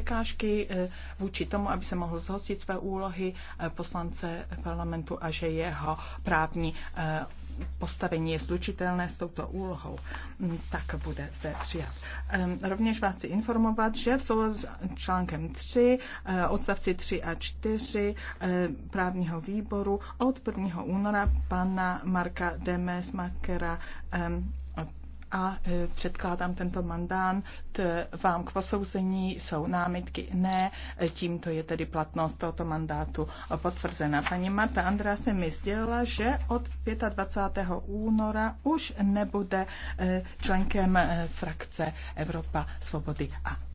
překážky eh, vůči tomu, aby se mohl zhostit své úlohy eh, poslance parlamentu a že jeho právní eh, postavení je slučitelné s touto úlohou, mm, tak bude zde přijat. Ehm, rovněž vás chci informovat, že v souladu s článkem 3, odstavci 3 a 4 právního výboru od 1. února pana Marka Demes Makera ehm, a e, předkládám tento mandán vám k posouzení. Jsou námitky? Ne. E, tímto je tedy platnost tohoto mandátu potvrzena. Paní Marta Andrá se mi sdělila, že od 25. února už nebude e, členkem frakce Evropa svobody a